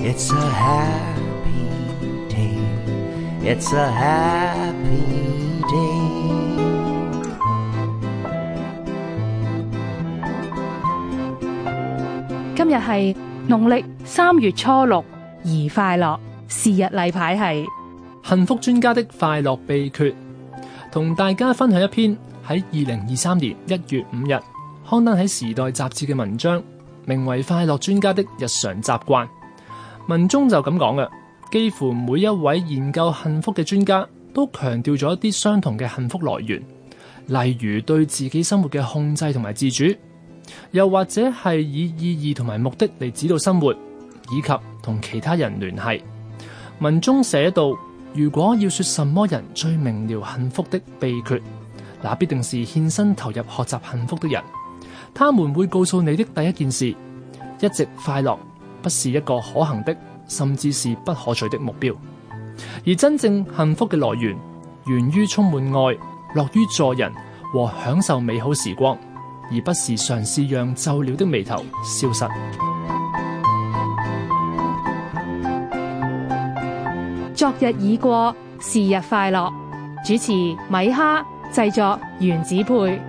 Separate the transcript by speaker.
Speaker 1: It's a happy day, it's a happy day 今日係
Speaker 2: 農曆三月初六，宜快樂。是日例牌係
Speaker 3: 幸福專家的快樂秘訣，同大家分享一篇喺二零二三年一月五日刊登喺《時代》雜誌嘅文章。名為快樂專家的日常習慣，文中就咁講嘅。幾乎每一位研究幸福嘅專家都強調咗一啲相同嘅幸福來源，例如對自己生活嘅控制同埋自主，又或者係以意義同埋目的嚟指導生活，以及同其他人聯繫。文中寫道，如果要說什麼人最明了幸福的秘訣，那必定是獻身投入學習幸福的人。他們會告訴你的第一件事，一直快樂不是一個可行的，甚至是不可取的目標。而真正幸福嘅來源，源，源於充滿愛、樂於助人和享受美好時光，而不是嘗試讓皺了的眉頭消失。
Speaker 2: 昨日已過，是日快樂。主持米哈，製作原子配。